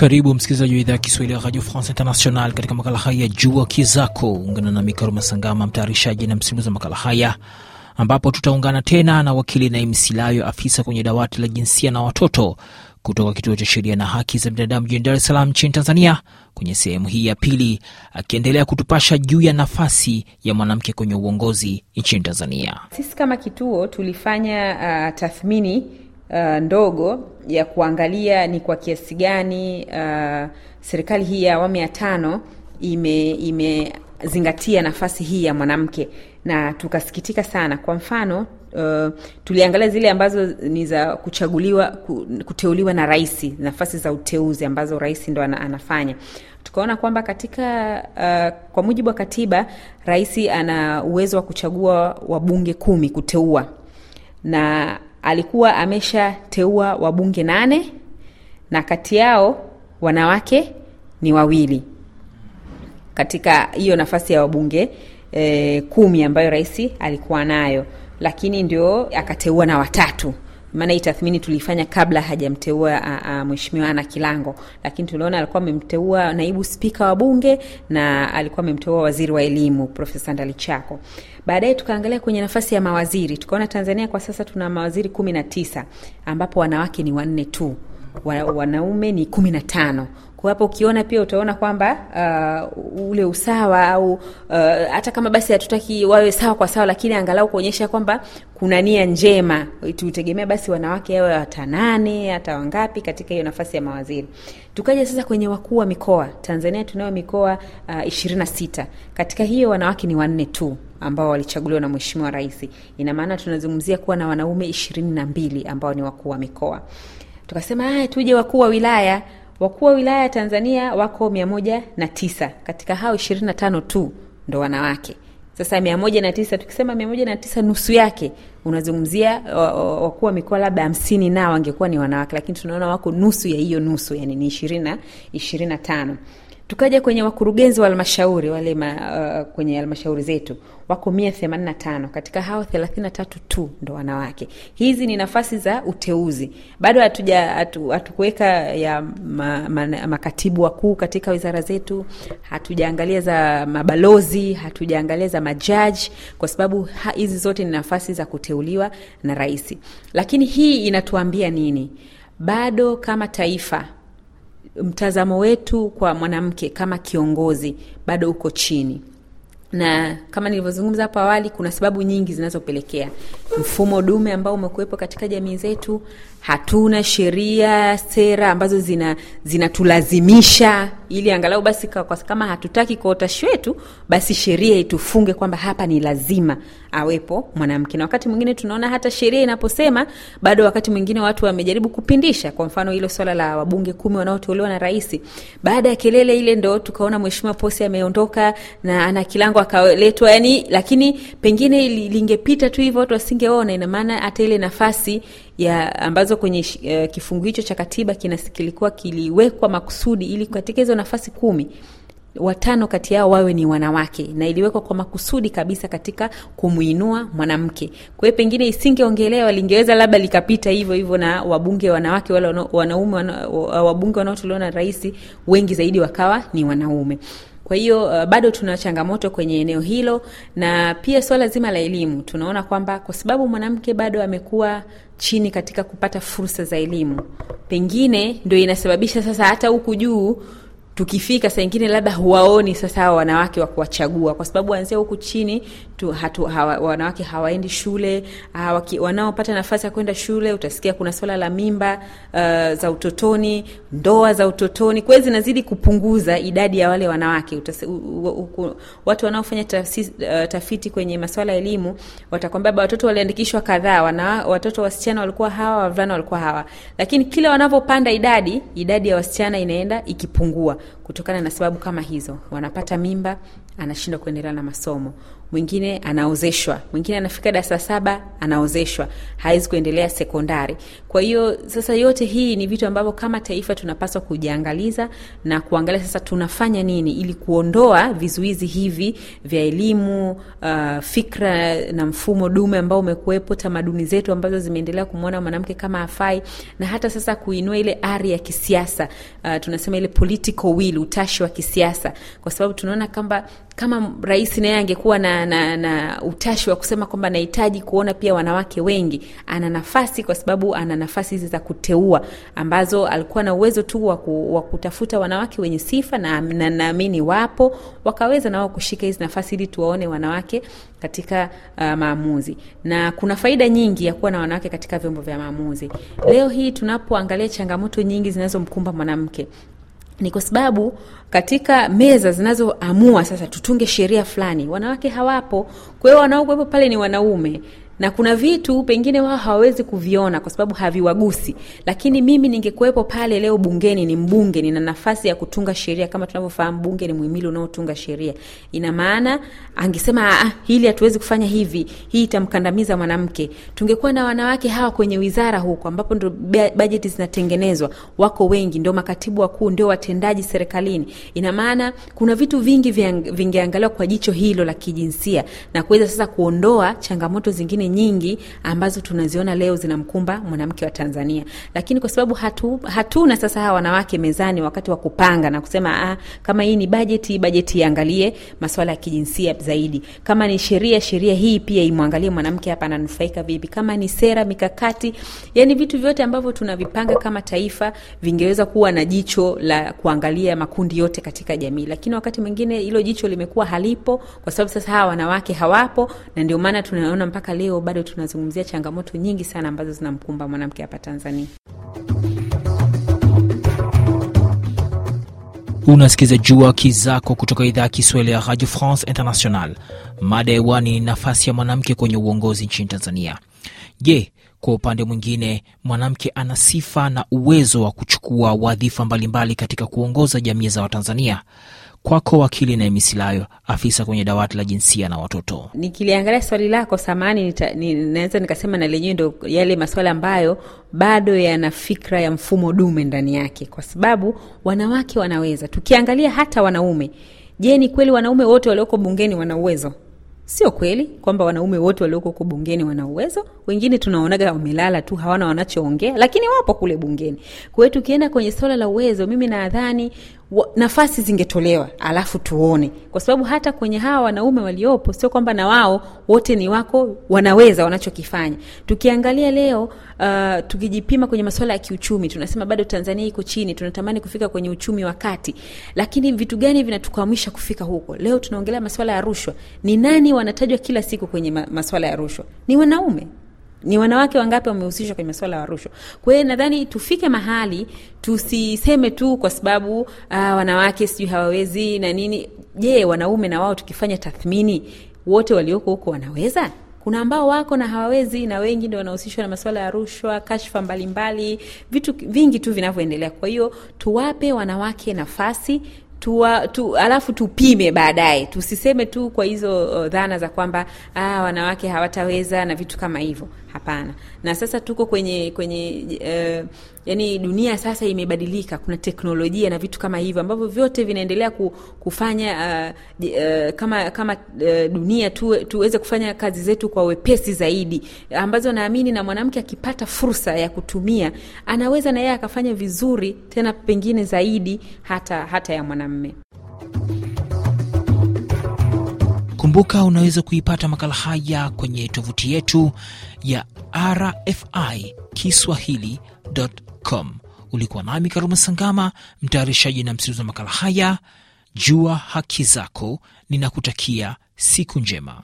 Karibu msikilizaji wa idhaa ya Kiswahili ya Radio France International katika makala haya Jua Kizako. Ungana na Mikaro Masangama, mtayarishaji na msimulizi wa makala haya, ambapo tutaungana tena na wakili Naim Silayo, afisa kwenye dawati la jinsia na watoto kutoka Kituo cha Sheria na Haki za Binadamu jijini Dar es Salaam nchini Tanzania, kwenye sehemu hii ya pili, akiendelea kutupasha juu ya nafasi ya mwanamke kwenye uongozi nchini Tanzania. Sisi kama kituo tulifanya uh, tathmini uh, ndogo ya kuangalia ni kwa kiasi gani uh, serikali hii ya awamu ya tano ime imezingatia nafasi hii ya mwanamke, na tukasikitika sana. Kwa mfano Uh, tuliangalia zile ambazo ni za kuchaguliwa kuteuliwa na rais, nafasi za uteuzi ambazo rais ndo anafanya. Tukaona kwamba katika uh, kwa mujibu wa katiba rais ana uwezo wa kuchagua wabunge kumi kuteua, na alikuwa ameshateua wabunge nane na kati yao wanawake ni wawili katika hiyo nafasi ya wabunge e, kumi ambayo rais alikuwa nayo, lakini ndio akateua na watatu. Maana hii tathmini tulifanya kabla hajamteua mweshimiwa Ana Kilango, lakini tuliona alikuwa amemteua naibu spika wa bunge na alikuwa amemteua waziri wa elimu Profesa Ndalichako. Baadaye tukaangalia kwenye nafasi ya mawaziri, tukaona Tanzania kwa sasa tuna mawaziri kumi na tisa ambapo wanawake ni wanne tu wanaume ni kumi na tano. hapo ukiona pia utaona kwamba uh, ule usawa au uh, hata kama basi hatutaki wawe sawa kwa sawa, lakini angalau kuonyesha kwamba kuna nia njema. Tutegemea basi wanawake awe watanane hata wangapi katika hiyo nafasi ya mawaziri. Tukaja sasa kwenye wakuu wa mikoa. Tanzania tunayo mikoa uh, sita Katika hiyo wanawake ni wanne tu ambao walichaguliwa na mweshimiwa rahisi inamaana tunazungumzia kuwa na wanaume mbili ambao ni wakuu wa mikoa tukasema aya tuje wakuu wa wilaya. Wakuu wa wilaya Tanzania wako mia moja na tisa, katika hao ishirini na tano tu ndo wanawake. Sasa mia moja na tisa, tukisema mia moja na tisa nusu yake unazungumzia uh, uh, wakuu wa mikoa labda hamsini nao wangekuwa ni wanawake, lakini tunaona wako nusu ya hiyo nusu, yani ni ishirini na ishirini na tano. Tukaja kwenye wakurugenzi wa halmashauri wale ma, uh, kwenye halmashauri zetu wako mia tano katika hao tatu tu ndo wanawake. Hizi ni nafasi za uteuzi, bado hatuja hatukuweka ya ma, ma, makatibu wakuu katika wizara zetu, hatujaangalia za mabalozi, hatujaangalia za majaji, kwa sababu hizi zote ni nafasi za kuteuliwa na rahisi Lakini hii inatuambia nini? Bado kama taifa mtazamo wetu kwa mwanamke kama kiongozi bado uko chini na kama nilivyozungumza hapo awali, kuna sababu nyingi zinazopelekea mfumo dume ambao umekuwepo katika jamii zetu. Hatuna sheria, sera ambazo zinatulazimisha zina ili angalau basi kwa, kama hatutaki kwa utashi wetu, basi sheria itufunge kwamba hapa ni lazima awepo mwanamke. Na wakati mwingine tunaona hata sheria inaposema, bado wakati mwingine watu wamejaribu kupindisha. Kwa mfano hilo swala la wabunge kumi wanaoteuliwa na rahisi baada ya kelele ile ndo tukaona mheshimiwa Posi ameondoka na ana kilango akaletwa, yani, lakini pengine lingepita tu hivyo watu wasingeona, inamaana hata ile nafasi ya ambazo kwenye uh, kifungu hicho cha katiba kilikuwa kiliwekwa makusudi ili katika hizo nafasi kumi watano kati yao wawe ni wanawake, na iliwekwa kwa makusudi kabisa katika kumuinua mwanamke. Kwa hiyo pengine isingeongelewa, lingeweza labda likapita hivyo hivyo, na wabunge wanawake wale wanaume wana, wabunge wanaotolewa na rahisi wengi zaidi wakawa ni wanaume. Kwa hiyo uh, bado tuna changamoto kwenye eneo hilo, na pia swala zima la elimu, tunaona kwamba kwa sababu mwanamke bado amekuwa chini katika kupata fursa za elimu, pengine ndio inasababisha sasa hata huku juu tukifika saa ingine labda huwaoni sasa hawa wanawake wakuwachagua kwa sababu wanzia huku chini tu hatu, hawa, wanawake hawaendi shule hawaki, wanaopata nafasi ya kwenda shule utasikia kuna swala la mimba uh, za utotoni, ndoa za utotoni, kwa hiyo zinazidi kupunguza idadi ya wale wanawake Utas, u, u, u, watu wanaofanya tafsi, uh, eh, tafiti kwenye maswala ya elimu watakwambia watoto waliandikishwa kadhaa, watoto wasichana walikuwa hawa, wavulana walikuwa hawa, lakini kila wanavyopanda idadi idadi ya wasichana inaenda ikipungua kutokana na sababu kama hizo. Wanapata mimba, anashindwa kuendelea na masomo. Mwingine anaozeshwa, mwingine anafika darasa saba anaozeshwa, hawezi kuendelea sekondari. Kwa hiyo sasa, yote hii ni vitu ambavyo kama taifa tunapaswa kujiangaliza na kuangalia sasa tunafanya nini ili kuondoa vizuizi hivi vya elimu, uh, fikra na mfumo dume ambao umekuwepo, tamaduni zetu ambazo zimeendelea kumwona mwanamke kama afai, na hata sasa kuinua ile ari ya kisiasa, uh, tunasema ile political will utashi wa kisiasa, kwa sababu tunaona kamba kama rais naye angekuwa na, na, na utashi wa kusema kwamba anahitaji kuona pia wanawake wengi, ana nafasi kwa sababu ana nafasi hizi za kuteua ambazo alikuwa na uwezo tu wa kutafuta wanawake wenye sifa, na naamini wapo wakaweza na kushika hizi nafasi ili tuwaone wanawake katika uh, maamuzi. Na kuna faida nyingi ya kuwa na wanawake katika vyombo vya maamuzi. Leo hii tunapoangalia changamoto nyingi zinazomkumba mwanamke ni kwa sababu katika meza zinazoamua sasa tutunge sheria fulani, wanawake hawapo. Kwa hiyo wanaokuwepo pale ni wanaume, na kuna vitu pengine wao hawawezi kuviona kwa sababu haviwagusi, lakini mimi ningekuwepo pale leo bungeni, ni mbunge, nina nafasi ya kutunga sheria. Kama tunavyofahamu, bunge ni muhimili unaotunga sheria. Ina maana angesema ah, ah hili hatuwezi kufanya hivi, hii itamkandamiza mwanamke. Tungekuwa na wanawake hawa kwenye wizara huko, ambapo ndo bajeti zinatengenezwa, wako wengi, ndio makatibu wakuu, ndio watendaji serikalini. Ina maana kuna vitu vingi vingeangaliwa kwa jicho hilo la kijinsia na kuweza sasa kuondoa changamoto zingine nyingi ambazo tunaziona leo zinamkumba mwanamke wa Tanzania, lakini kwa sababu hatu, hatuna sasa hawa wanawake mezani wakati wa kupanga na kusema ah, kama hii ni bajeti, bajeti iangalie masuala ya kijinsia zaidi. Kama ni sheria, sheria hii pia imwangalie mwanamke hapa ananufaika vipi. Kama ni sera, mikakati, yani vitu vyote ambavyo tunavipanga kama taifa vingeweza kuwa na jicho la kuangalia makundi yote katika jamii, lakini wakati mwingine hilo jicho limekuwa halipo, kwa sababu sasa hawa wanawake hawapo, na ndio maana tunaona mpaka leo leo bado tunazungumzia changamoto nyingi sana ambazo zinamkumba mwanamke hapa Tanzania. Unasikiza Jua Kizako kutoka idhaa ya Kiswahili ya Radio France International. Mada hewani ni nafasi ya mwanamke kwenye uongozi nchini Tanzania. Je, kwa upande mwingine mwanamke ana sifa na uwezo wa kuchukua wadhifa mbalimbali katika kuongoza jamii za Watanzania? Kwako wakili na emisilayo afisa kwenye dawati la jinsia na watoto. Nikiliangalia swali lako samani, naweza ni, nikasema na lenyewe ndo yale masuala ambayo bado yana fikra ya mfumo dume ndani yake, kwa sababu wanawake wanaweza. Tukiangalia hata wanaume, je, ni kweli wanaume wote walioko bungeni wana uwezo? Sio kweli kwamba wanaume wote walioko huko bungeni wana uwezo. Wengine tunaonaga wamelala tu, hawana wanachoongea, lakini wapo kule bungeni. Kwa hiyo tukienda kwenye swala la uwezo, mimi nadhani nafasi zingetolewa, alafu tuone, kwa sababu hata kwenye hawa wanaume waliopo sio kwamba na wao wote ni wako, wanaweza wanachokifanya. Tukiangalia leo uh, tukijipima kwenye masuala ya kiuchumi, tunasema bado Tanzania iko chini, tunatamani kufika kwenye uchumi wa kati, lakini vitu gani vinatukwamisha kufika huko? Leo tunaongelea masuala ya rushwa. Ni nani wanatajwa kila siku kwenye masuala ya rushwa? Ni wanaume ni wanawake wangapi wamehusishwa kwenye masuala ya rushwa? Kwa hiyo nadhani tufike mahali tusiseme tu kwa sababu uh, wanawake sijui hawawezi na nini. Je, wanaume na wao tukifanya tathmini, wote walioko huko wanaweza? Kuna ambao wako na hawawezi, na wengi ndo wanahusishwa na masuala ya rushwa, kashfa mbalimbali, vitu vingi tu vinavyoendelea. Kwa hiyo tuwape wanawake nafasi tuwa, tu, alafu tupime baadaye, tusiseme tu kwa hizo oh, dhana za kwamba ah, wanawake hawataweza na vitu kama hivyo. Hapana. Na sasa tuko kwenye kwenye uh, yani dunia sasa imebadilika, kuna teknolojia na vitu kama hivyo ambavyo vyote vinaendelea kufanya uh, uh, kama kama uh, dunia tu, tuweze kufanya kazi zetu kwa wepesi zaidi, ambazo naamini na, na mwanamke akipata fursa ya kutumia anaweza na yeye akafanya vizuri tena pengine zaidi hata hata ya mwanamme. Kumbuka unaweza kuipata makala haya kwenye tovuti yetu ya RFI Kiswahili.com. Ulikuwa nami Karuma Sangama, mtayarishaji na msimulizi wa makala haya. Jua haki zako, ninakutakia siku njema.